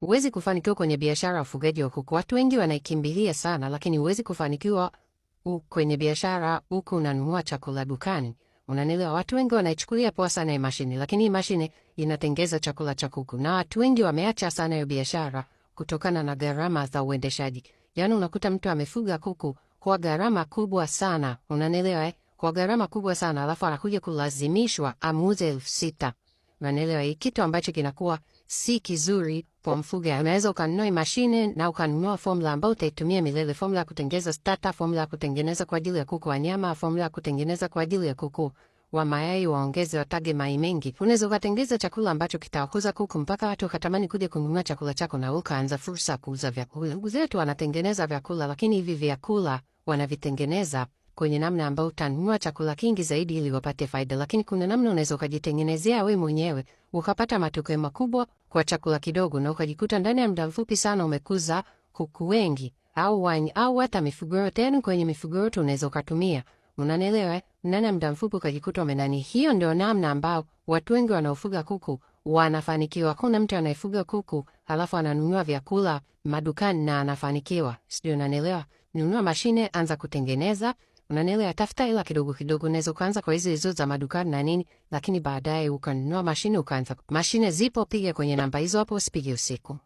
Huwezi kufanikiwa kwenye biashara ya ufugaji wa kuku. Watu wengi wanaikimbilia sana, lakini huwezi kufanikiwa kwenye biashara huku unanunua chakula dukani. Unanielewa? Watu wengi wanaichukulia poa sana hii mashine, lakini hii mashine inatengeza chakula cha kuku, na watu wengi wameacha sana hiyo biashara kutokana na gharama za uendeshaji. Yaani unakuta mtu amefuga kuku kwa gharama kubwa sana, unanielewa eh? Kwa gharama kubwa sana, alafu anakuja kulazimishwa amuuze elfu sita. Unaelewa, kitu ambacho kinakuwa si kizuri kwa mfuga. Unaweza ukanunua mashine na ukanunua formula ambayo utaitumia milele, formula ya kutengeneza starter, formula ya kutengeneza kwa ajili ya kuku wa nyama, formula ya kutengeneza kwa ajili ya kuku wa mayai waongeze watage mayai mengi. Unaweza ukatengeneza chakula ambacho kitawakuza kuku mpaka watu wakatamani kuja kununua chakula chako, na ukaanza fursa kuuza vyakula. Ndugu zetu wanatengeneza vyakula, lakini hivi vyakula wanavitengeneza kwenye namna ambayo utanunua chakula kingi zaidi ili upate faida, lakini kuna namna unaweza ukajitengenezea we mwenyewe ukapata matokeo makubwa kwa chakula kidogo, na ukajikuta ndani ya muda mfupi sana umekuza kuku wengi au wanyi au hata mifugo yote yenu. Yaani kwenye mifugo yote unaweza ukatumia, unanielewa, eh? ndani ya muda mfupi ukajikuta umenani. Hiyo ndio namna ambao watu wengi wanaofuga kuku wanafanikiwa. Kuna mtu anayefuga kuku alafu ananunua vyakula madukani na anafanikiwa, sijui unanielewa. Nunua mashine, anza kutengeneza unanele nile atafuta ila kidogo kidogo, nezo kwanza kwa hizo hizo za madukani na nini, lakini baadaye ukanunua mashine, ukaanza mashine zipo, piga kwenye namba hizo hapo, usipige usiku.